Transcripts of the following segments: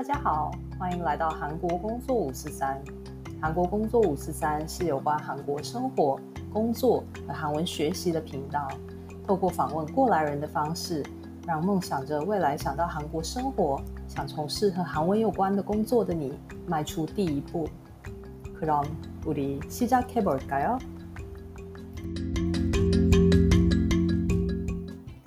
大家好，歡迎來到韓國工作五四三。韓國工作五四三是有關韓國生活、工作和韓文學習的頻道。透過訪問過來人的方式，讓夢想着未來想到韓國生活、想從事和韓文有關的工作的你邁出第一步。嗯。그럼우리시작해볼까요?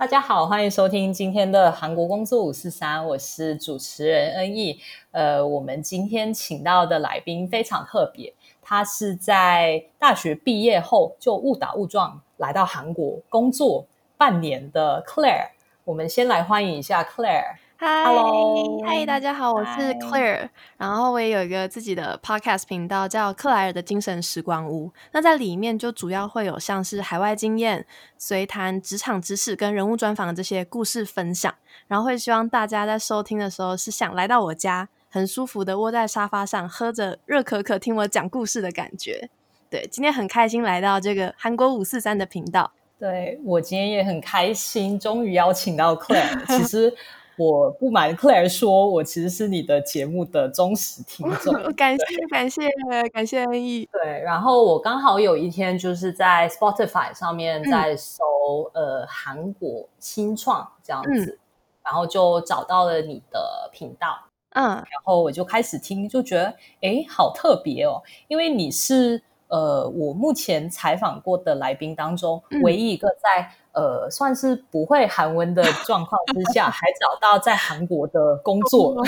大家好，歡迎收聽今天的韓國工作五四三，我是主持人恩義。呃，我們今天請到的來賓非常特別，他是在大學畢業後就誤打誤撞來到韓國工作半年的 Claire。我們先來歡迎一下 Claire。嗨，hi, Hello, hi, 大家好，我是 Claire，hi 然後我也有一個自己的 podcast 頻道，叫克萊爾的精神時光屋。那在裡面就主要會有像是海外經驗隨談、職場知識跟人物專訪這些故事分享，然後會希望大家在收聽的時候是想來到我家，很舒服的窩在沙發上，喝着熱可可，聽我講故事的感覺。對，今天很開心來到這個韓國五四三的頻道。對，我今天也很開心，終於邀請到 Claire， 其實。我不瞞 Claire 說，我其實是你的節目的忠實聽眾。感謝對感謝感謝恩義。對，然後我剛好有一天就是在 Spotify 上面在搜、嗯、呃韓國新創這樣子，嗯、然後就找到了你的頻道，嗯，然後我就開始聽，就覺得誒好特別哦，因為你是呃我目前採訪過的來賓當中、嗯、唯一一個在。呃，算是不會韓文的狀況之下， 還找到在韓國的工作了，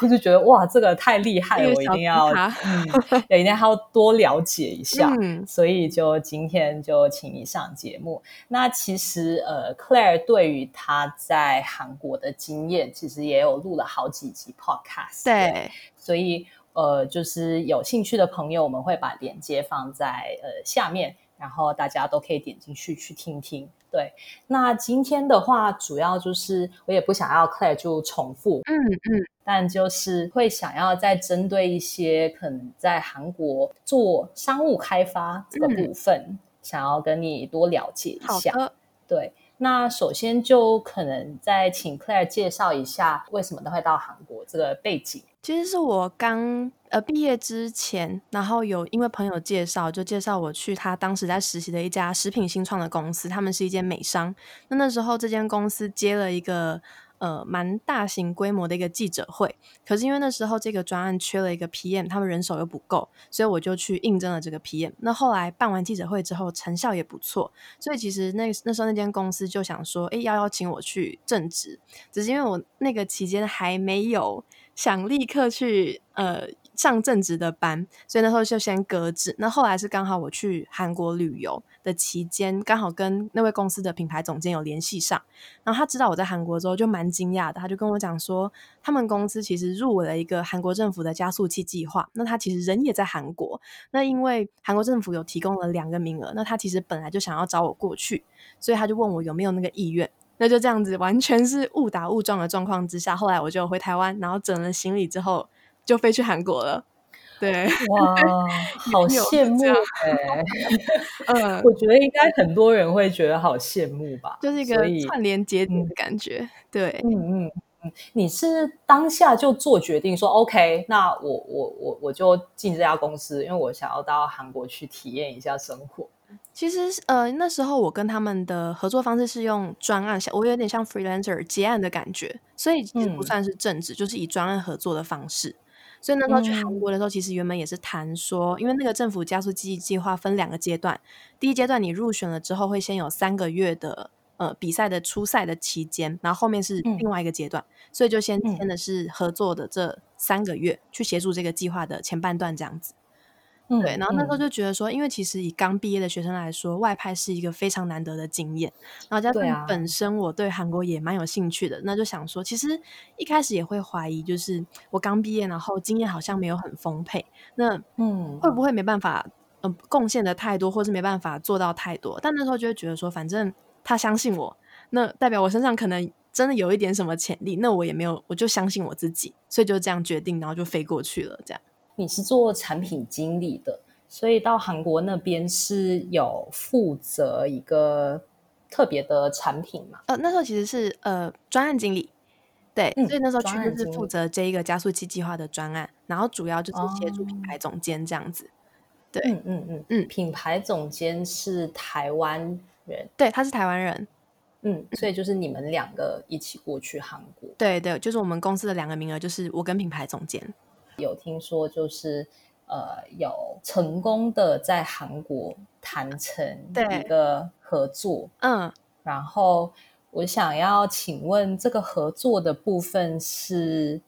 我 就覺得哇，這個太厲害了， 我一定要，嗯， 一定要多了解一下。 所以就今天就請你上節目。那其實呃，Claire 對於他在韓國的經驗，其實也有錄了好幾集 podcast 對。對，所以呃，就是有興趣的朋友，我們會把鏈接放在呃下面。然後大家都可以點進去去聽聽。對，那今天的話，主要就是我也不想要 Claire 就重複，嗯嗯，嗯但就是會想要再針對一些可能在韓國做商務開發這個部分，嗯、想要跟你多了解一下。好喝。對，那首先就可能再請 Claire 介紹一下為什麼都會到韓國這個背景。其實是我剛呃畢業之前，然後有因為朋友介紹，就介紹我去他當時在實習的一家食品新創的公司，他們是一間美商。那那時候這間公司接了一個呃蠻大型規模的一個記者會，可是因為那時候這個專案缺了一個 PM，他們人手又不夠，所以我就去應徵了這個 PM。那後來辦完記者會之後，成效也不錯，所以其實那那時候那間公司就想說，誒，要邀請我去正職，只是因為我那個期間還沒有。想立刻去呃上正職的班，所以那時候就先擱置。那後來是剛好我去韓國旅遊的期間，剛好跟那位公司的品牌總監有聯繫上。然後他知道我在韓國之後，就蠻驚訝的，他就跟我講說，他們公司其實入圍了一個韓國政府的加速器計劃。那他其實人也在韓國，那因為韓國政府有提供了兩個名額，那他其實本來就想要找我過去，所以他就問我有沒有那個意願。那就這樣子，完全是誤打誤撞的狀況之下，後來我就回台灣，然後整了行李之後，就飛去韓國了。對，哇，好羨慕。 嗯，我覺得應該很多人會覺得好羨慕吧，就是一個串聯節點的感覺。嗯、對，嗯嗯,嗯你是當下就做決定說，OK，那我我我我就進這家公司，因為我想要到韓國去體驗一下生活。其實呃，那時候我跟他們的合作方式是用專案，我有點像 freelancer 接案的感覺，所以其實不算是正職，嗯、就是以專案合作的方式。所以那時候去韓國的時候，其實原本也是談說，嗯、因為那個政府加速器計畫分兩個階段，第一階段你入選了之後，會先有三個月的呃比賽的初賽的期間，然後後面是另外一個階段，嗯、所以就先簽的是合作的這三個月，嗯、去協助這個計劃的前半段這樣子。對，然後那時候就覺得說，因為其實以剛畢業的學生來說，外派是一個非常難得的經驗。然後加上本身我對韓國也蠻有興趣的，那就想說，其實一開始也會懷疑，就是我剛畢業，然後經驗好像沒有很豐沛，那嗯，會不會沒辦法嗯、呃、貢獻的太多，或是沒辦法做到太多？但那時候就會覺得說，反正他相信我，那代表我身上可能真的有一點什麼潛力，那我也沒有，我就相信我自己，所以就這樣決定，然後就飛過去了，這樣。你是做產品經理的，所以到韓國那邊是有負責一個特別的產品嘛？呃，那時候其實是呃專案經理，對，嗯、所以那時候全部是負責這一個加速器計劃的專案，案然後主要就是協助品牌總監這樣子。哦、對，嗯嗯嗯嗯，嗯品牌總監是台灣人，對，他是台灣人，嗯，所以就是你們兩個一起過去韓國。對對，就是我們公司的兩個名額，就是我跟品牌總監。有聽說就是呃有成功的在韓國談成一個合作，嗯，然後我想要請問這個合作的部分是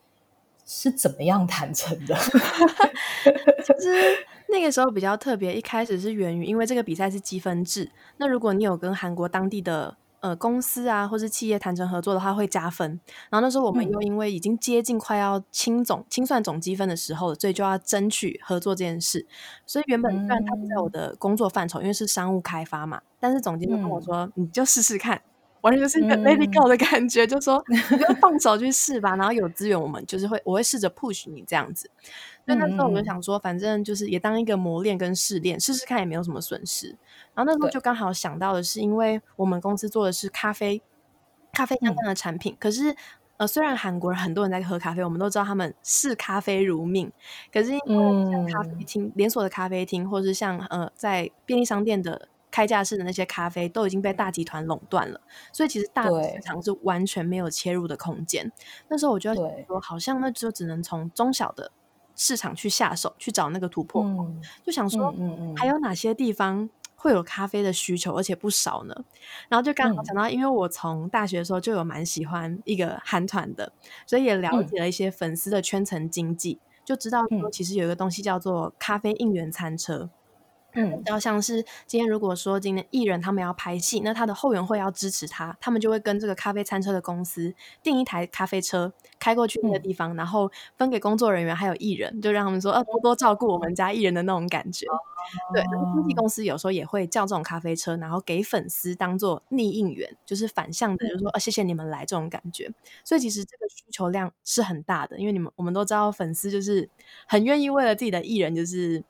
是怎麼樣談成的？ 就是那個時候比較特別，一開始是源於因為這個比賽是積分制，那如果你有跟韓國當地的。呃，公司啊，或是企業談成合作的話會加分。然後那時候我們又因為已經接近快要清總、嗯、清算總積分的時候，所以就要爭取合作這件事。所以原本雖然他不在我的工作範疇，因為是商務開發嘛，但是總監就跟我說：“嗯、你就試試看，完全是一個 lady go 的感覺，嗯、就說你就放手去試吧。然後有資源，我們就是會，我會試着 push 你這樣子。”所以那時候我就想說，反正就是也當一個磨練跟試煉，試試看也沒有什麼損失。然後那時候就剛好想到的是，因為我們公司做的是咖啡、咖啡相關的產品。嗯、可是，呃，雖然韓國人很多人在喝咖啡，我們都知道他們視咖啡如命。可是，因為像咖啡廳、嗯、連鎖的咖啡廳，或者是像呃在便利商店的開架式的那些咖啡，都已經被大集團壟斷了。所以其實大的市場是完全沒有切入的空間。對那時候我就想說，好像那就只能從中小的。市場去下手，去找那個突破，嗯、就想說還有哪些地方會有咖啡的需求，而且不少呢。然後就剛好講到，嗯、因為我從大學的時候就有蠻喜歡一個韓團的，所以也了解了一些粉絲的圈層經濟，嗯、就知道說其實有一個東西叫做咖啡應援餐車。嗯，然後像是今天，如果說今天藝人他們要拍戲，那他的後援會要支持他，他們就會跟這個咖啡餐車的公司訂一台咖啡車，開過去那個地方，嗯、然後分給工作人員還有藝人，就讓他們說，呃，多多照顧我們家藝人的那種感覺。哦、對，然後經紀公司有時候也會叫這種咖啡車，然後給粉絲當做逆應援，就是反向的，就是說，嗯、呃，謝謝你們來這種感覺。所以其實這個需求量是很大的，因為你們我們都知道，粉絲就是很願意為了自己的藝人就是。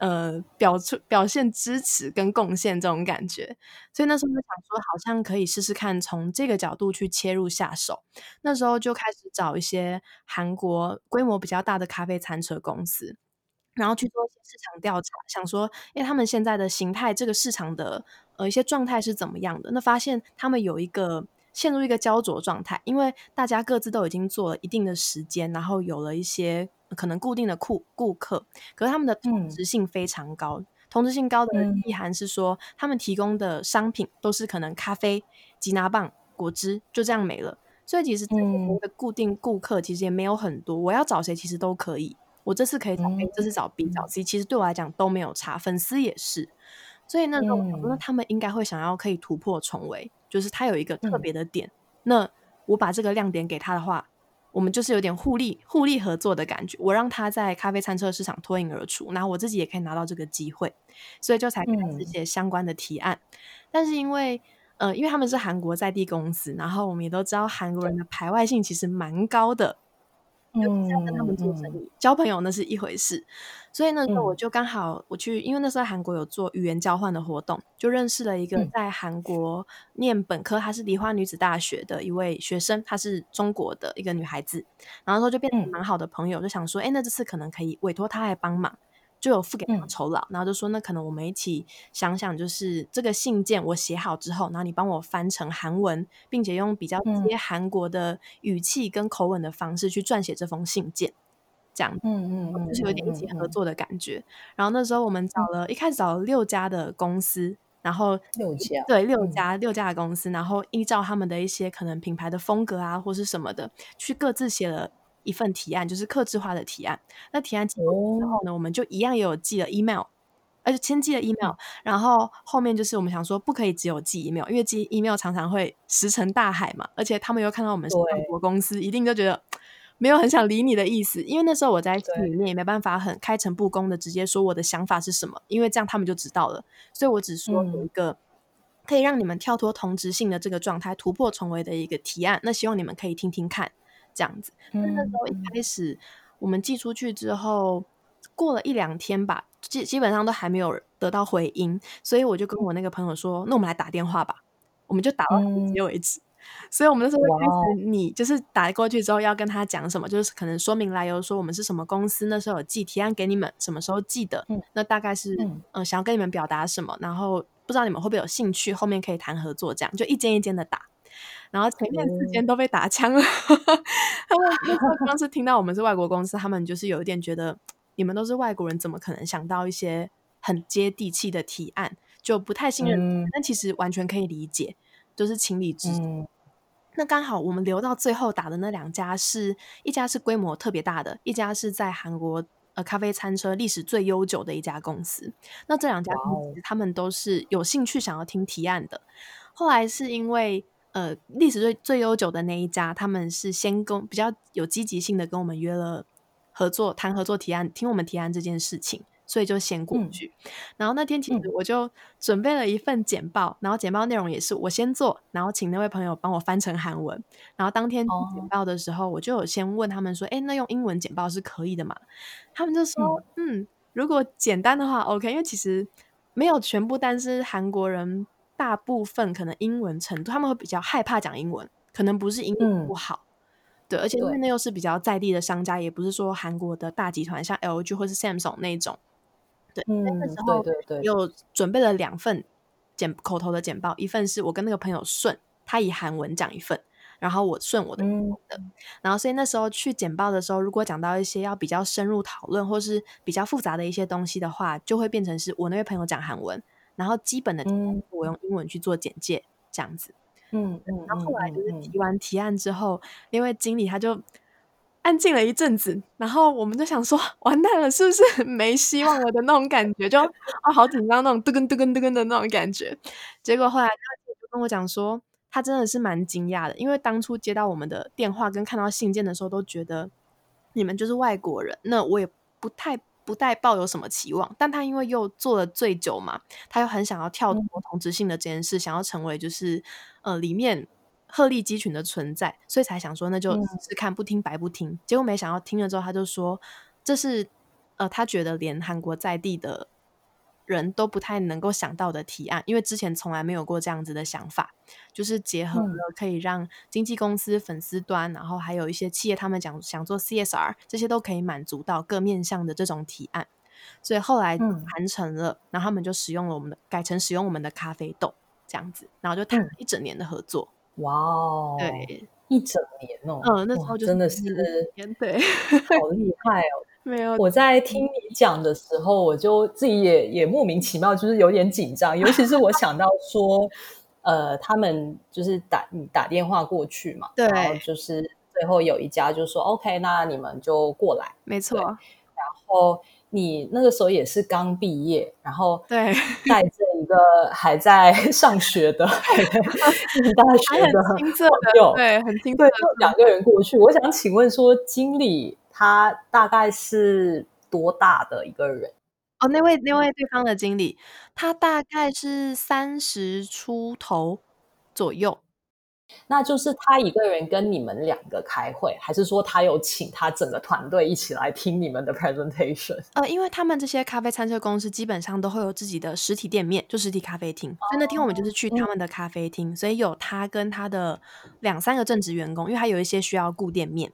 呃，表出表現支持跟貢獻這種感覺，所以那時候就想說，好像可以試試看從這個角度去切入下手。那時候就開始找一些韓國規模比較大的咖啡餐車公司，然後去做一些市場調查，想說，哎，他們現在的形態，這個市場的呃一些狀態是怎麼樣的？那發現他們有一個陷入一個膠著狀態，因為大家各自都已經做了一定的時間，然後有了一些。可能固定的顧顧客，可是他們的同質性非常高。嗯、同質性高的意涵是說，嗯、他們提供的商品都是可能咖啡、吉拿棒、果汁，就這樣沒了。所以其實我的固定顧客其實也沒有很多。嗯、我要找誰，其實都可以。我這次可以找 A，嗯、這次找 B，找 C，其實對我來講都沒有差。粉絲、嗯、也是，所以那種我覺得他們應該會想要可以突破重圍，就是他有一個特別的點。嗯、那我把這個亮點給他的話。我們就是有點互利互利合作的感覺，我讓他在咖啡餐車市場脫穎而出，然後我自己也可以拿到這個機會，所以就才開始寫相關的提案。嗯、但是因為，呃，因為他們是韓國在地公司，然後我們也都知道韓國人的排外性其實蠻高的。嗯，要跟他們做生意，嗯嗯、交朋友那是一回事。所以那我就剛好、嗯、我去，因為那時候韓國有做語言交換的活動，就認識了一個在韓國念本科，嗯、她是梨花女子大學的一位學生，她是中國的一個女孩子。然後就變成蠻好的朋友，就想說，哎、嗯欸，那這次可能可以委託她來幫忙。就有付給他酬勞，嗯、然後就說那可能我們一起想想，就是這個信件我寫好之後，然後你幫我翻成韓文，並且用比較直接韓國的語氣跟口吻的方式去撰寫這封信件，嗯、這樣，嗯嗯，就是有點一起合作的感覺。嗯嗯嗯嗯、然後那時候我們找了、嗯、一開始找了六家的公司，然後六家，對，六家、嗯、六家的公司，然後依照他們的一些可能品牌的風格啊，或是什麼的，去各自寫了。一份提案就是客製化的提案。那提案結束之後呢，哦、我們就一樣也有寄了 email，而、呃、且先寄了 email，嗯、然後後面就是我們想說不可以只有寄 email，因為寄 email 常常會石沉大海嘛，而且他們又看到我們是外國公司，對一定就覺得沒有很想理你的意思。因為那時候我在裡面也沒辦法很開誠佈公的直接說我的想法是什麼，對因為這樣他們就知道了。所以我只說有一個可以讓你們跳脫同質性的這個狀態，突破重圍的一個提案。那希望你們可以聽聽看。這樣子，那那時候一開始我們寄出去之後，嗯、過了一兩天吧，基基本上都還沒有得到回音，所以我就跟我那個朋友說，嗯、那我們來打電話吧，我們就打到你接為止。嗯、所以我們那時候開始，你就是打過去之後要跟他講什麼，哇就是可能說明來由，說我們是什麼公司，那時候有寄提案給你們，什麼時候寄的，嗯、那大概是嗯、呃，想要跟你們表達什麼，然後不知道你們會不會有興趣，後面可以談合作，這樣就一間一間的打。然後前面四間都被打槍了、嗯，他們因為當時聽到我們是外國公司，他們就是有一點覺得你們都是外國人，怎麼可能想到一些很接地氣的提案？就不太信任。嗯、但其實完全可以理解，就是情理之中。嗯、那剛好我們留到最後打的那兩家是，是一家是規模特別大的，一家是在韓國呃咖啡餐車歷史最悠久的一家公司。那這兩家公司，哦、他們都是有興趣想要聽提案的。後來是因為。呃，歷史最最悠久的那一家，他們是先跟比較有積極性的跟我們約了合作，談合作提案，聽我們提案這件事情，所以就先過去。嗯、然後那天其實我就準備了一份簡報，嗯、然後簡報內容也是我先做，然後請那位朋友幫我翻成韓文。然後當天簡報的時候，我就有先問他們說：“哎、哦欸，那用英文簡報是可以的嘛？他們就說：“嗯，嗯如果簡單的話，OK。”因為其實沒有全部，但是韓國人。大部分可能英文程度，他們會比較害怕講英文，可能不是英文不好，嗯、對，而且因為那又是比較在地的商家，對也不是說韓國的大集團像 LG 或是 Samsung 那種，對，嗯、那個時候又準備了兩份簡口頭的簡報，一份是我跟那個朋友順，他以韓文講一份，然後我順我的的，嗯、然後所以那時候去簡報的時候，如果講到一些要比較深入討論或是比較複雜的一些東西的話，就會變成是我那位朋友講韓文。然後基本的，我用英文去做簡介、嗯、這樣子，嗯嗯。然後後來就是提完提案之後，因為、嗯、經理他就安靜了一陣子，嗯、然後我們就想說完蛋了，是不是沒希望了的那種感覺， 就啊、哦、好緊張那種噔噔噔噔噔的那種感覺。 結果後來他就跟我講說，他真的是蠻驚訝的，因為當初接到我們的電話跟看到信件的時候，都覺得你們就是外國人，那我也不太。不帶抱有什麼期望，但他因為又做了最久嘛，他又很想要跳脫同質性的這件事，嗯、想要成為就是呃裡面鶴立雞群的存在，所以才想說那就試試看，不聽白不聽，嗯、結果沒想到聽了之後他就說這是呃他覺得連韓國在地的。人都不太能夠想到的提案，因為之前從來沒有過這樣子的想法，就是結合了可以讓經紀公司、粉絲端，嗯、然後還有一些企業，他們講想，想做 CSR，這些都可以滿足到各面向的這種提案，所以後來談成了，嗯、然後他們就使用了我們，改成使用我們的咖啡豆這樣子，然後就談了一整年的合作。嗯、對哇，對，一整年哦，嗯，那時候、就是、真的是，嗯、對，好厲害哦。沒有，我在聽你講的時候，我就自己也也莫名其妙，就是有點緊張。尤其是我想到說， 呃，他們就是打你打電話過去嘛，對，然後就是最後有一家就說，嗯，OK，那你們就過來，沒錯。然後你那個時候也是剛畢業，然後對，帶着一個還在上學的大學的，很親的朋友，對，很親，對，就兩個人過去。我想請問說，經理。他大概是多大的一個人？哦，oh, 那位那位對方的經理，他大概是三十出頭左右。那就是他一個人跟你們兩個開會，還是說他有請他整個團隊一起來聽你們的 presentation？呃，因為他們這些咖啡餐車公司基本上都會有自己的實體店面，就實體咖啡廳。Oh, 所以那天我們就是去他們的咖啡廳，嗯。所以有他跟他的兩三個正職員工，因為他有一些需要顧店面。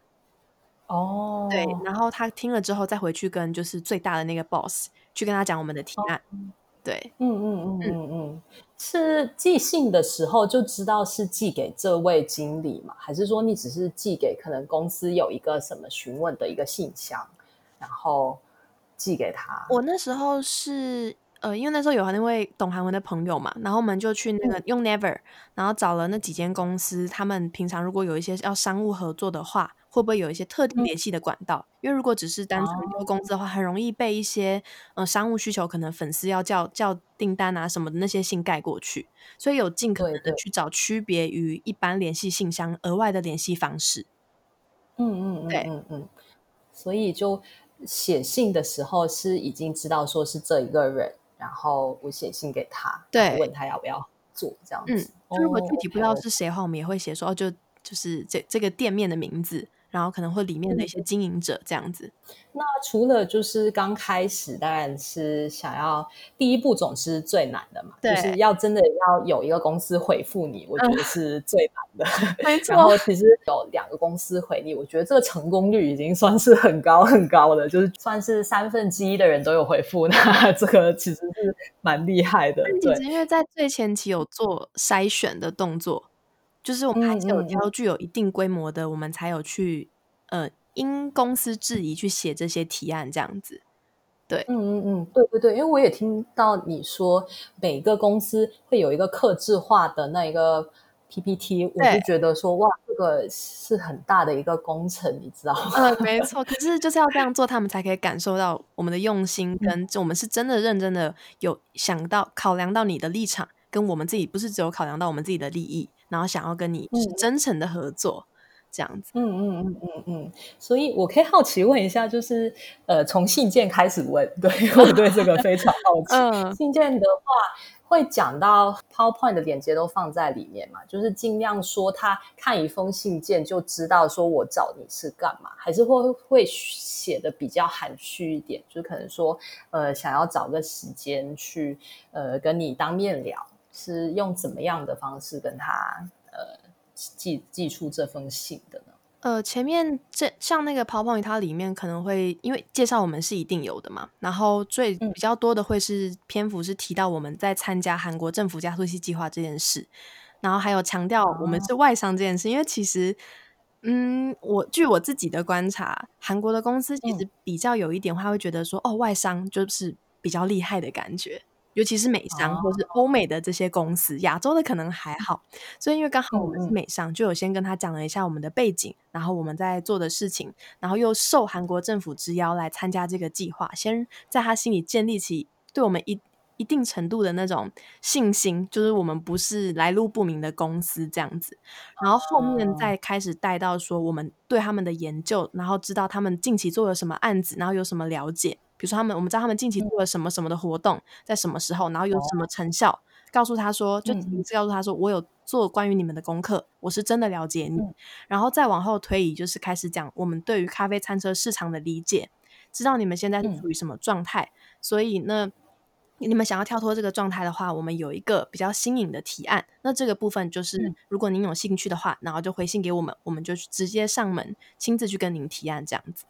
哦，oh. 對，然後他聽了之後，再回去跟就是最大的那個 boss 去跟他講我們的提案。Oh. 對，嗯嗯嗯嗯嗯，嗯嗯嗯是寄信的時候就知道是寄給這位經理嘛？還是說你只是寄給可能公司有一個什麼詢問的一個信箱，然後寄給他？我那時候是呃，因為那時候有那位懂韓文的朋友嘛，然後我們就去那個用 Naver、嗯、然後找了那幾間公司，他們平常如果有一些要商務合作的話，會不會有一些特定聯繫的管道？嗯、因為如果只是單純丟工資的話，啊、很容易被一些呃商務需求，可能粉絲要叫叫訂單啊什麼的那些信蓋過去。所以有盡可能的去找區別於一般聯繫信箱對對額外的聯繫方式。嗯嗯，嗯對，嗯嗯。所以就寫信的時候是已經知道說是這一個人，然後我寫信給他，對，他問他要不要做這樣子。嗯、哦、就如果具體不知道是誰的話，okay, okay. 我們也會寫說哦，就就是這這個店面的名字。然後可能會裡面的一些經營者這樣子，嗯。那除了就是剛開始，當然是想要第一步總是最難的嘛。對就是要真的要有一個公司回復你，啊、我覺得是最難的。沒錯然後其實有兩個公司回你，我覺得這個成功率已經算是很高很高了，就是算是三分之一的人都有回復。那這個其實是蠻厲害的，嗯、對，因為在最前期有做篩選的動作。就是我們還是有挑具有一定規模的，我們才有去、嗯嗯、呃，因公司制宜去寫這些提案這樣子。對，嗯嗯，對對對，因為我也聽到你說每個公司會有一個客製化的那一個 PPT，我就覺得說對哇，這個是很大的一個工程，你知道嗎？嗯，沒錯。可是就是要這樣做， 他們才可以感受到我們的用心，嗯、跟我們是真的認真的有想到考量到你的立場，跟我們自己不是只有考量到我們自己的利益。然後想要跟你真誠的合作，嗯、這樣子。嗯嗯嗯嗯嗯，所以我可以好奇問一下，就是呃，從信件開始問，對，我對這個非常好奇。 信件的話，會講到 PowerPoint 的鏈接都放在裡面嘛？就是儘量說他看一封信件就知道說我找你是幹嘛，還是會會寫的比較含蓄一點，就可能說呃，想要找個時間去呃跟你當面聊。是用怎麼樣的方式跟他呃寄，寄出這封信的呢？呃，前面這像那個 PowerPoint，它裡面可能會因為介紹我們是一定有的嘛。然後最比較多的會是篇幅是提到我們在參加韓國政府加速器計劃這件事，然後還有強調我們是外商這件事。嗯，因為其實，嗯，我據我自己的觀察，韓國的公司其實比較有一點話會覺得說，哦，外商就是比較厲害的感覺。尤其是美商或是歐美的這些公司，亞洲的，oh. 可能還好。所以因為剛好我們是美商，oh. 就有先跟他講了一下我們的背景，然後我們在做的事情，然後又受韓國政府之邀來參加這個計劃，先在他心裡建立起對我們一一定程度的那種信心，就是我們不是來路不明的公司這樣子。然後後面再開始帶到說我們對他們的研究，然後知道他們近期做了什麼案子，然後有什麼了解。比如說，他們我們知道他們近期做了什麼什麼的活動，嗯、在什麼時候，然後有什麼成效，告訴他說，就親自告訴他說，嗯、我有做關於你們的功課，我是真的了解你。嗯、然後再往後推移，就是開始講我們對於咖啡餐車市場的理解，知道你們現在是處於什麼狀態。嗯、所以呢，你們想要跳脫這個狀態的話，我們有一個比較新穎的提案。那這個部分就是，如果您有興趣的話，嗯、然後就回信給我們，我們就直接上門親自去跟您提案，這樣子。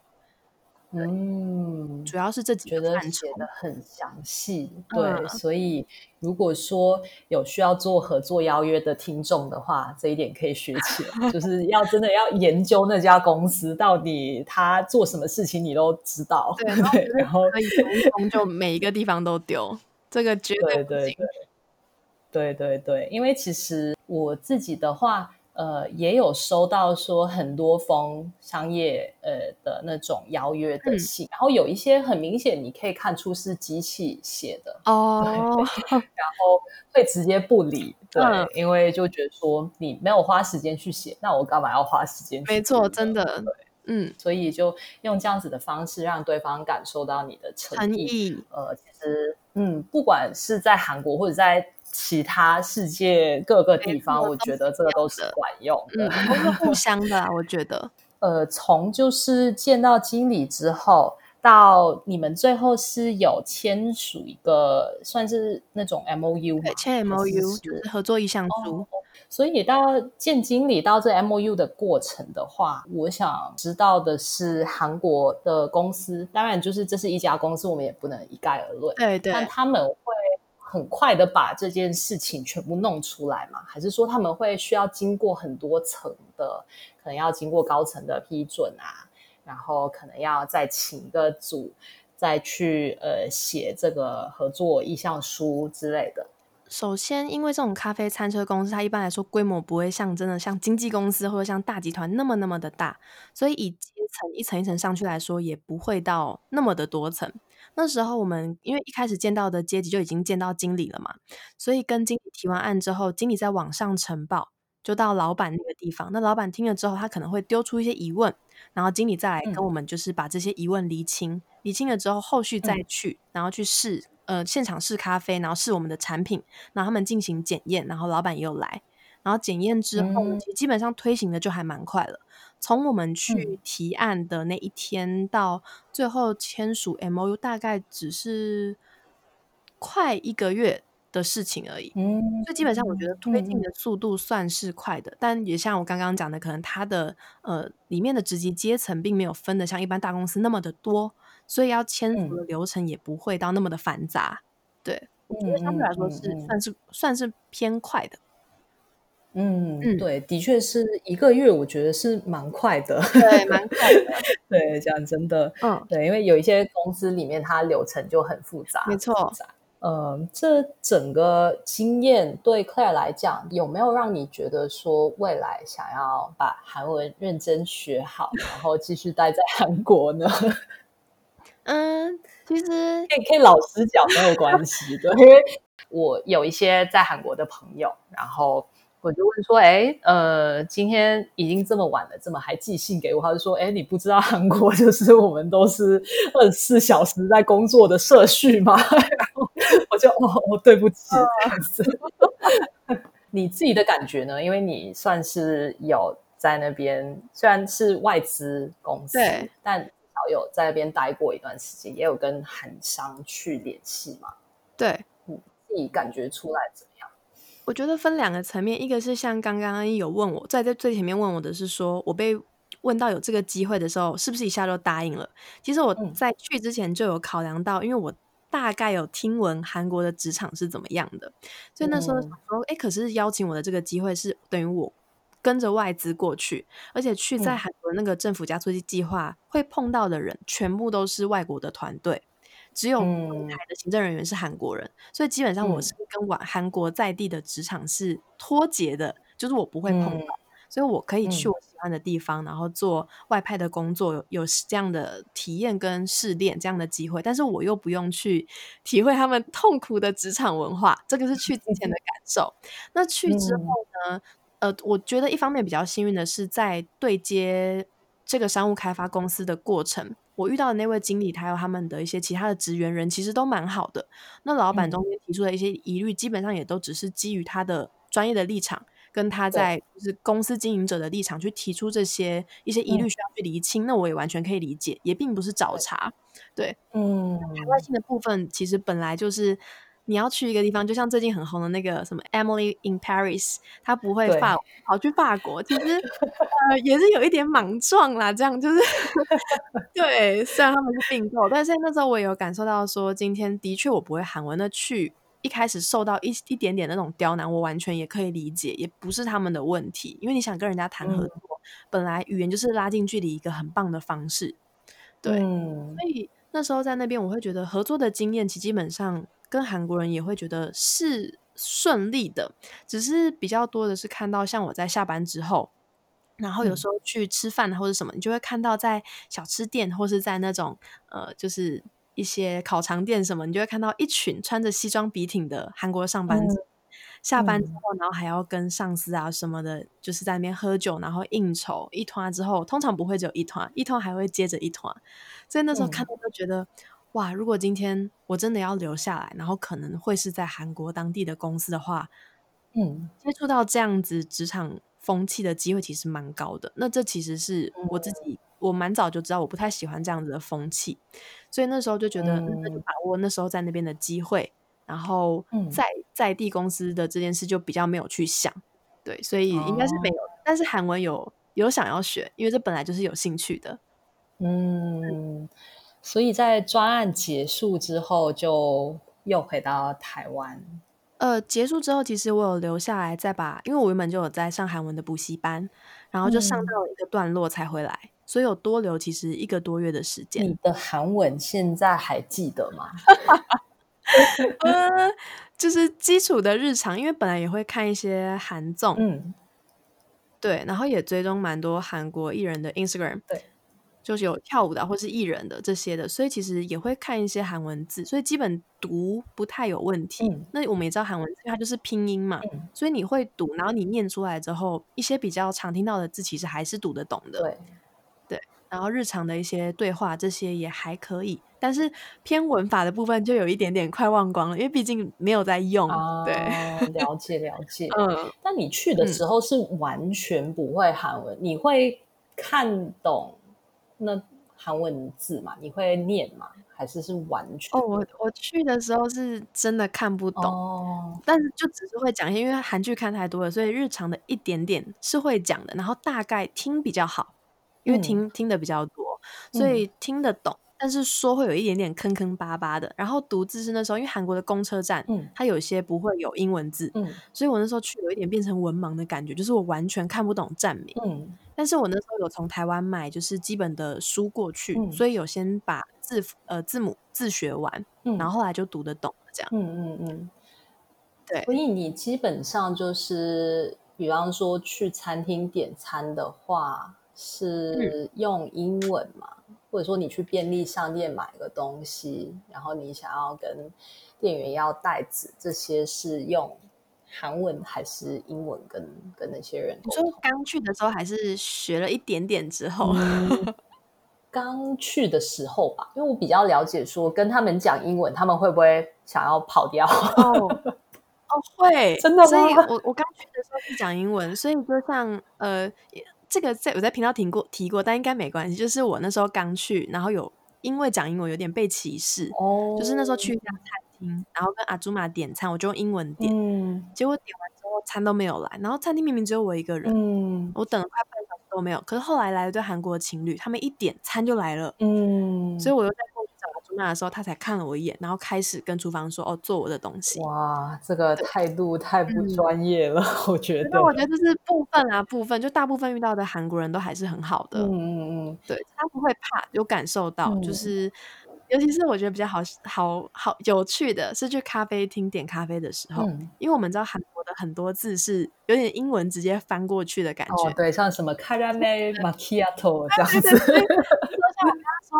嗯，對主要是這幾個覺得寫得很詳細，對，嗯、所以如果說有需要做合作邀約的聽眾的話，這一點可以學起來， 就是要真的要研究那家公司到底他做什麼事情，你都知道，對，對，然後就每一個地方都丟， 這個絕對對對對，對對對，因為其實我自己的話。呃，也有收到說很多封商業呃的那種邀約的信，嗯、然後有一些很明顯，你可以看出是機器寫的哦，對，對，然後會直接不理，嗯、對，因為就覺得說你沒有花時間去寫，那我干嘛要花時間去？沒錯，真的，對，嗯，所以就用這樣子的方式讓對方感受到你的誠意。誠意，呃，其實，嗯，不管是在韓國或者在。其他世界各個地方，我覺得這個都是管用的，互相的，啊。我覺得，呃，從就是見到經理之後，到你們最後是有簽署一個算是那種 MOU 嗎，簽 MOU 就是，是合作意向書，哦。所以到見經理到這 MOU 的過程的話，我想知道的是韓國的公司，當然就是這是一家公司，我們也不能一概而論。對對，但他們會。很快的把這件事情全部弄出來嗎？還是說他們會需要經過很多層的，可能要經過高層的批准啊，然後可能要再請一個組再去呃寫這個合作意向書之類的。首先，因為這種咖啡餐車公司，它一般來說規模不會像真的像經紀公司或者像大集團那麼那麼的大，所以以階層一層一層上去來說，也不會到那麼的多層。那時候我們，因為一開始見到的階級就已經見到經理了嘛，所以跟經理提完案之後，經理在網上呈報，就到老闆那個地方。那老闆聽了之後，他可能會丟出一些疑問，然後經理再來跟我們就是把這些疑問釐清、釐清、嗯、釐清了之後，後續再去、嗯、然後去試，呃，現場試咖啡，然後試我們的產品，然後他們進行檢驗，然後老闆也有來，然後檢驗之後，嗯、其實基本上推行的就還蠻快了。從我們去提案的那一天到最後簽署 MOU，大概只是快一個月的事情而已。嗯，所以基本上我覺得推進的速度算是快的，但也像我剛剛講的，可能它的呃、裡面的職級階層並沒有分的像一般大公司那麼的多，所以要簽署的流程也不會到那麼的繁雜。對，我覺得相對來說是算是算是偏快的。嗯，嗯對，的確是一個月，我覺得是蠻快的，對，蠻快的。 對，講真的，嗯，對，因為有一些公司裡面它流程就很複雜，沒錯。複雜。嗯、呃，這整個經驗對 Claire 來講，有沒有讓你覺得說未來想要把韓文認真學好， 然後繼續待在韓國呢？嗯，其實可以，可以老實講沒有關係 對，因為我有一些在韓國的朋友，然後。我就問說，哎，呃，今天已經這麼晚了，怎麼還寄信給我？他就說，哎，你不知道韓國就是我們都是二十四小時在工作的社畜嗎？我就哦，哦，對不起。啊、 你自己的感覺呢？因為你算是有在那邊，雖然是外資公司，對但至少有在那邊待過一段時間，也有跟韓商去聯繫嘛。對，你自己感覺出來怎？我覺得分兩個層面，一個是像剛剛有問我，在在最前面問我的是說，說我被問到有這個機會的時候，是不是一下就答應了？其實我在去之前就有考量到，嗯、因為我大概有聽聞韓國的職場是怎麼樣的，所以那時候想說，嗯、誒，可是邀請我的這個機會是等於我跟着外資過去，而且去在韓國那個政府加速器計劃會碰到的人，嗯、全部都是外國的團隊。只有台的行政人員是韓國人，嗯、所以基本上我是跟往韓國在地的職場是脫節的，嗯、就是我不會碰到，嗯、所以我可以去我喜歡的地方，嗯、然後做外派的工作，有有這樣的體驗跟試煉這樣的機會，但是我又不用去體會他們痛苦的職場文化，這個是去之前的感受。嗯、那去之後呢？呃，我覺得一方面比較幸運的是，在對接這個商務開發公司的過程。我遇到的那位經理，還有他們的一些其他的職員人，其實都蠻好的。那老闆中間提出的一些疑慮，嗯、基本上也都只是基於他的專業的立場，跟他在就是公司經營者的立場去提出這些一些疑慮需要去釐清。嗯、那我也完全可以理解，也並不是找茬。對，嗯，海外性的部分其實本來就是。你要去一個地方，就像最近很紅的那個什麼 Emily in Paris，她不會對跑去法國，其實呃也是有一點莽撞啦。這樣就是 對，雖然他們是併購，但是那時候我也有感受到說，說今天的確我不會韓文的去，那去一開始受到一一點點那種刁難，我完全也可以理解，也不是他們的問題，因為你想跟人家談合作，嗯、本來語言就是拉近距離一個很棒的方式，對，嗯、所以那時候在那邊我會覺得合作的經驗其實基本上。跟韓國人也會覺得是順利的，只是比較多的是看到像我在下班之後，然後有時候去吃飯或者什麼，嗯、你就會看到在小吃店或是在那種呃，就是一些烤腸店什麼，你就會看到一群穿着西裝筆挺的韓國上班族、嗯、下班之後，然後還要跟上司啊什麼的，嗯、就是在那邊喝酒，然後應酬，一團之後，通常不會只有一團，一團還會接着一團，所以那時候看到就覺得。嗯哇！如果今天我真的要留下來，然後可能會是在韓國當地的公司的話，嗯，接觸到這樣子職場風氣的機會其實蠻高的。那這其實是我自己，嗯、我蠻早就知道我不太喜歡這樣子的風氣，所以那時候就覺得、嗯嗯、那就把握那時候在那邊的機會，然後在、嗯、在地公司的這件事就比較沒有去想。對，所以應該是沒有。哦、但是韓文有有想要學，因為這本來就是有興趣的。嗯。所以在專案結束之後，就又回到台灣。呃，結束之後，其實我有留下來再把，因為我原本就有在上韓文的補習班，然後就上到一個段落才回來，嗯、所以有多留其實一個多月的時間。你的韓文現在還記得嗎？ 呃、就是基礎的日常，因為本來也會看一些韓綜，嗯，對，然後也追蹤蠻多韓國藝人的 Instagram，對。就是有跳舞的或是藝人的這些的，所以其實也會看一些韓文字，所以基本讀不太有問題。嗯、那我們也知道韓文字它就是拼音嘛，嗯、所以你會讀，然後你念出來之後，一些比較常聽到的字其實還是讀得懂的。對，對。然後日常的一些對話這些也還可以，但是偏文法的部分就有一點點快忘光了，因為畢竟沒有在用。啊、對，了解了解。 嗯，但你去的時候是完全不會韓文，嗯、你會看懂。那韓文字嘛，你會念嗎？還是是完全？哦、oh,，我我去的時候是真的看不懂，oh. 但是就只是會講一些，因為韓劇看太多了，所以日常的一點點是會講的。然後大概聽比較好，因為聽、嗯、聽得比較多，所以聽得懂，嗯、但是說會有一點點坑坑巴巴的。然後讀字是那時候，因為韓國的公車站，嗯、它有些不會有英文字，嗯、所以我那時候去有一點變成文盲的感覺，就是我完全看不懂站名。但是我那時候有從台灣買，就是基本的書過去，嗯、所以有先把字呃字母自學完，嗯、然後後來就讀得懂這樣。嗯嗯嗯，嗯嗯對。所以你基本上就是，比方說去餐廳點餐的話是用英文嘛？嗯、或者說你去便利商店買個東西，然後你想要跟店員要袋子，這些是用。韓文還是英文跟，跟跟那些人，我說剛去的時候還是學了一點點之後，嗯，剛去的時候吧， 因為我比較了解，說跟他們講英文，他們會不會想要跑掉哦？哦哦，會真的嗎？所以我，我我剛去的時候是講英文，所以就像呃，這個在我在頻道提過提過，但應該沒關係。就是我那時候剛去，然後有因為講英文有點被歧視哦，就是那時候去。然後跟阿祖瑪點餐，我就用英文點，結果點完之後餐都沒有來，然後餐廳明明只有我一個人，我等了快半小時都沒有。可是後來來了對韓國的情侶，他們一點餐就來了，嗯，所以我又在過去找阿祖瑪的時候，他才看了我一眼，然後開始跟廚房說：“哦，做我的東西。”哇，這個態度太不專業了，我覺得。我覺得這是部分啊，部分就大部分遇到的韓國人都還是很好的，嗯嗯嗯，對，他不會怕，有感受到就是。尤其是我覺得比較好好好，好有趣的是去咖啡廳點咖啡的時候，嗯、因為我們知道韓國的很多字是有點英文直接翻過去的感覺，哦、對，像什麼卡拉梅瑪奇亞托這樣子。 啊就是、像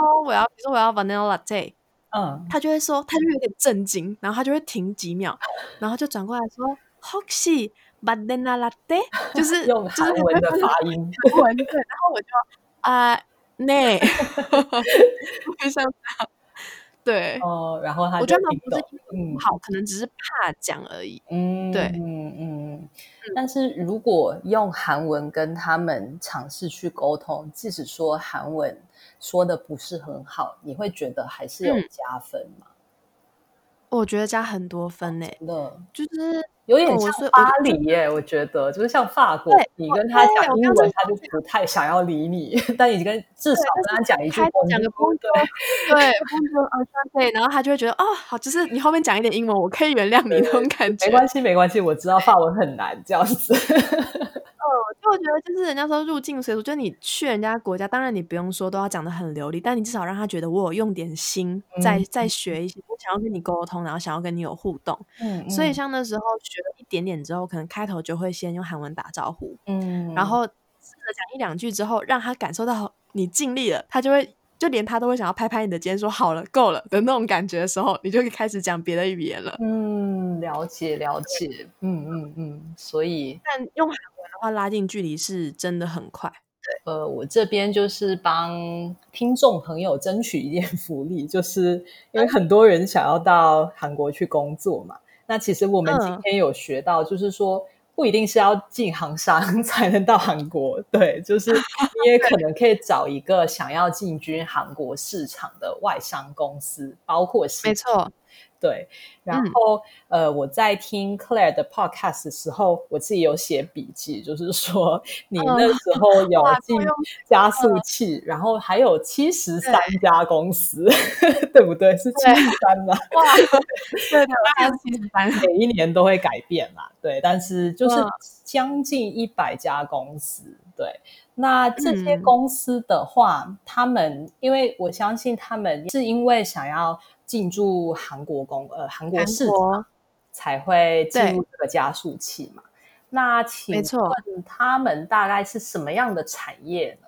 說，我要， 比如說我要 vanilla latte，嗯，他就會說，他就有點震驚，然後他就會停幾秒，然後就轉過來說， 혹시바닐라라떼？就是 用韓文的發音，韓文對。然後我就 啊，네，非常 好。 對，哦，然後他就我覺得他不是不好，嗯、可能只是怕講而已。嗯，對，嗯嗯，但是如果用韓文跟他們嘗試去溝通，即使說韓文說的不是很好，你會覺得還是有加分嗎？嗯我覺得加很多分呢，就是有點像巴黎耶。我覺得就是像法國，你跟他講英文，他就不太想要理你。但你跟至少跟他講一句，講個 Bonjour，對，然後他就會覺得哦，好，就是你後面講一點英文，我可以原諒你那種感覺。沒關係，沒關係，我知道法文很難，這樣子。我就我覺得就是人家說入境隨俗，就你去人家國家，當然你不用說都要講的很流利，但你至少讓他覺得我有用點心在在、嗯、學一些，我想要跟你溝通，然後想要跟你有互動。嗯，嗯，所以像那時候學了一點點之後，可能開頭就會先用韓文打招呼，嗯，然後試着講一兩句之後，讓他感受到你盡力了，他就會。就連他都會想要拍拍你的肩，說“好了，夠了”的那種感覺的時候，你就可以開始講別的語言了。嗯，了解，了解，對嗯嗯嗯。所以，但用韓文的話拉近距離是真的很快。對，呃，我這邊就是幫聽眾朋友爭取一點福利，就是因為很多人想要到韓國去工作嘛。嗯、那其實我們今天有學到，就是說。不一定是要進韓商才能到韓國，對，就是你也可能可以找一個想要進軍韓國市場的外商公司，包括。沒錯。對，然後、嗯、呃，我在聽 Claire 的 Podcast 的時候，我自己有寫筆記，就是說你那時候有進加速器，呃、然後還有七十三家公司，對， 對不對？是七十三嗎？哇， 對的，七十三，每一年都會改變嘛，對，但是就是將近一百家公司，嗯、對，那這些公司的話，嗯、他們因為我相信他們是因為想要。進駐韓國公、呃韓國市場，韓國才會進入這個加速器嘛？對那請問他們大概是什麼樣的產業呢？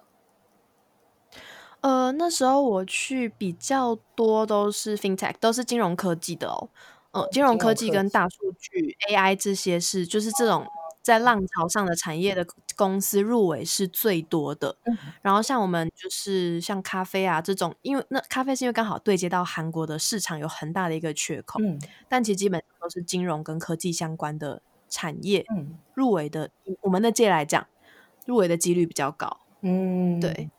呃，那時候我去比較多都是 fintech，都是金融科技的哦，嗯、呃，金融科技跟大數據、AI 這些是就是這種。在浪潮上的產業的公司入圍是最多的，嗯、然後像我們就是像咖啡啊這種，因為那咖啡是因為剛好對接到韓國的市場有很大的一個缺口，嗯、但其實基本上都是金融跟科技相關的產業、嗯、入圍的，我們那屆來講入圍的幾率比較高，嗯，對，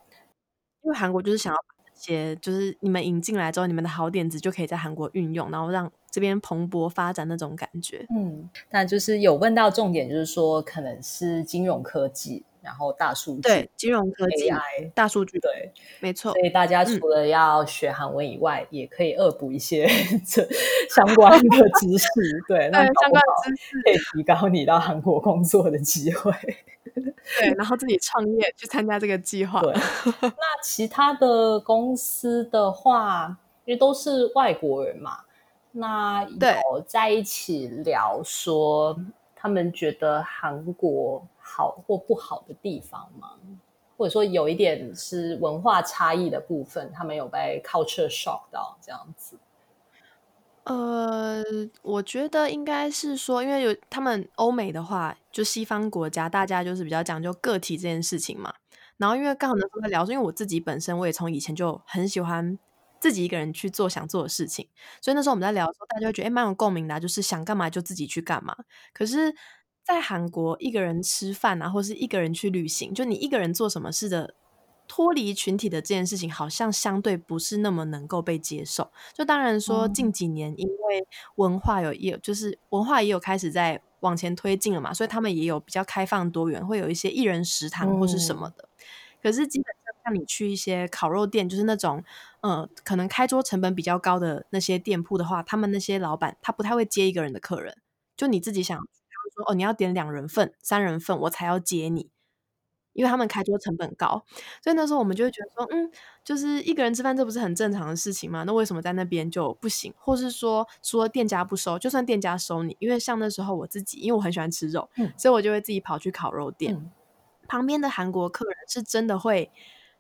因為韓國就是想要。些就是你們引進來之後，你們的好點子就可以在韓國運用，然後讓這邊蓬勃發展那種感覺。嗯，那就是有問到重點，就是說可能是金融科技，然後大數據，對，金融科技、AI、大數據，對，沒錯。所以大家除了要學韓文以外，嗯，也可以惡補一些這相關的知識。 對，那相關知識可以提高你到韓國工作的機會。 對，然後自己創業去參加這個計劃。 對，那其他的公司的話，因為都是外國人嘛，那有在一起聊說，他們覺得韓國好或不好的地方嗎？或者說有一點是文化差異的部分，他們有被 culture shock 到這樣子？呃，我覺得應該是說，因為有他們歐美的話，就西方國家，大家就是比較講究個體這件事情嘛。然後因為剛好那時候在聊，因為我自己本身，我也從以前就很喜歡自己一個人去做想做的事情。所以那時候我們在聊的時候，大家就會覺得，欸，蠻有共鳴的啊，就是想幹嘛就自己去幹嘛。可是，在韓國一個人吃飯啊，或是一個人去旅行，就你一個人做什麼事的。脫離群體的這件事情，好像相對不是那麼能夠被接受。就當然說，近幾年因為文化有也、嗯、就是文化也有開始在往前推進了嘛，所以他們也有比較開放多元，會有一些一人食堂或是什麼的。嗯、可是基本上，像你去一些烤肉店，就是那種嗯、呃，可能開桌成本比較高的那些店鋪的話，他們那些老板他不太會接一個人的客人。就你自己想說，說哦，你要點兩人份、三人份，我才要接你。因為他們開桌成本高，所以那時候我們就會覺得說，嗯，就是一個人吃飯這不是很正常的事情嗎？那為什麼在那邊就不行？或是說，說店家不收，就算店家收你，因為像那時候我自己，因為我很喜歡吃肉，嗯、所以我就會自己跑去烤肉店。嗯、旁邊的韓國客人是真的會，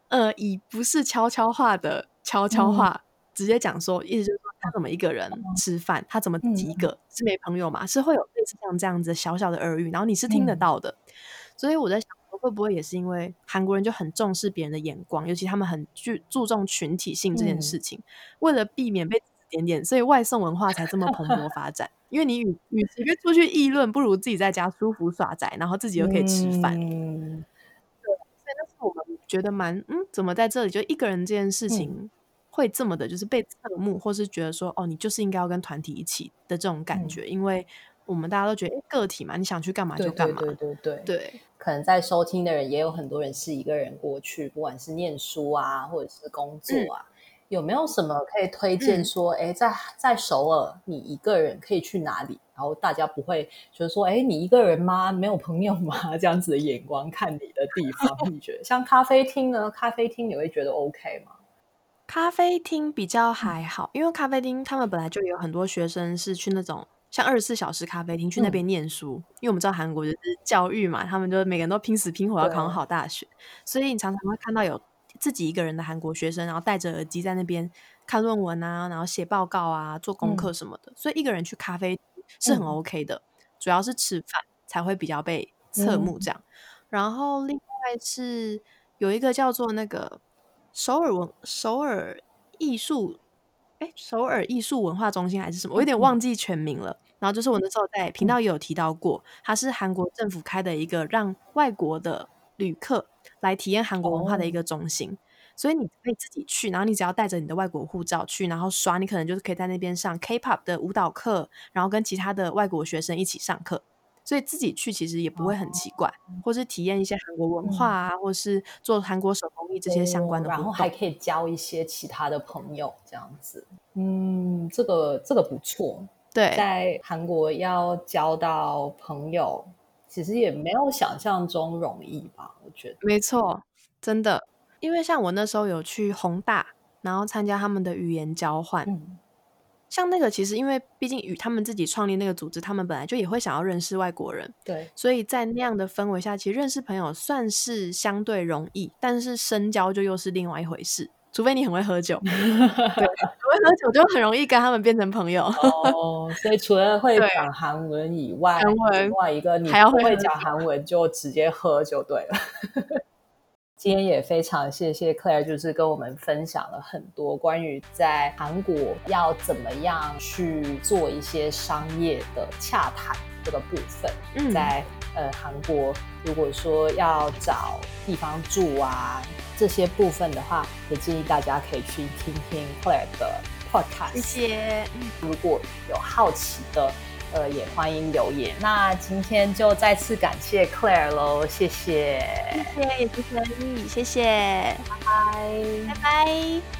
呃，以不是悄悄話的悄悄話、嗯、直接講說，意思就是說他怎麼一個人吃飯，他怎麼幾個、嗯、是沒朋友嘛？是會有類似像這樣子的小小的耳語，然後你是聽得到的。嗯、所以我在想。會不會也是因為韓國人就很重視別人的眼光，尤其他們很注注重群體性這件事情，嗯、為了避免被指指點點，所以外送文化才這麼蓬勃發展。 因為你與其出去議論，不如自己在家舒服耍宅，然後自己又可以吃飯。嗯、對，所以那是我們覺得蠻嗯，怎麼在這裡就一個人這件事情會這麼的就是被側目，嗯、或是覺得說哦，你就是應該要跟團體一起的這種感覺，嗯、因為。 我們大家都覺得個體嘛，你想去幹嘛就幹嘛。對對對對，對，對，對可能在收聽的人也有很多人是一個人過去，不管是念書啊，或者是工作啊，嗯、有沒有什麼可以推薦說，哎、嗯欸，在在首爾，你一個人可以去哪裡？然後大家不會就是說，哎、欸，你一個人嗎？沒有朋友嗎？這樣子的眼光看你的地方， 你覺得像咖啡廳呢？咖啡廳你會覺得 OK 嗎？咖啡廳比較還好，嗯、因為咖啡廳他們本來就有很多學生是去那種。像二十四小時咖啡廳去那邊念書，嗯、因為我們知道韓國就是教育嘛，他們就每個人都拼死拼活要考好大學，啊、所以你常常會看到有自己一個人的韓國學生，然後戴着耳機在那邊看論文啊，然後寫報告啊，做功課什麼的。嗯、所以一個人去咖啡是很 OK 的，嗯、主要是吃飯才會比較被側目這樣。嗯、然後另外是有一個叫做那個首爾文首爾藝術。欸、首爾藝術文化中心還是什麼？我有點忘記全名了。嗯、然後就是我那時候在頻道也有提到過，嗯、它是韓國政府開的一個讓外國的旅客來體驗韓國文化的一個中心，嗯、所以你可以自己去，然後你只要帶着你的外國護照去，然後刷，你可能就是可以在那邊上 K-pop 的舞蹈課，然後跟其他的外國學生一起上課。所以自己去其實也不會很奇怪，啊嗯、或是體驗一些韓國文化啊，嗯、或是做韓國手工藝這些相關的，然後還可以交一些其他的朋友，這樣子。嗯，這個這個不錯。對，在韓國要交到朋友，其實也沒有想象中容易吧？我覺得沒錯，真的。因為像我那時候有去弘大，然後參加他們的語言交換。嗯像那個，其實因為畢竟與他們自己創立那個組織，他們本來就也會想要認識外國人，對，所以在那樣的氛圍下，其實認識朋友算是相對容易，但是深交就又是另外一回事。除非你很會喝酒， 對， 很會喝酒就很容易跟他們變成朋友。 哦，所以除了會講韓文以外，另外一個你還要會講韓文，就直接喝就對了。 今天也非常謝謝 Claire，就是跟我們分享了很多關於在韓國要怎麼樣去做一些商業的洽談這個部分。嗯，在呃韓國如果說要找地方住啊這些部分的話，也建議大家可以去聽聽 Claire 的 podcast。謝謝。如果有好奇的。呃，也歡迎留言。那今天就再次感謝 Claire 嘍，謝謝，謝謝，謝謝你，謝謝，拜拜，拜拜。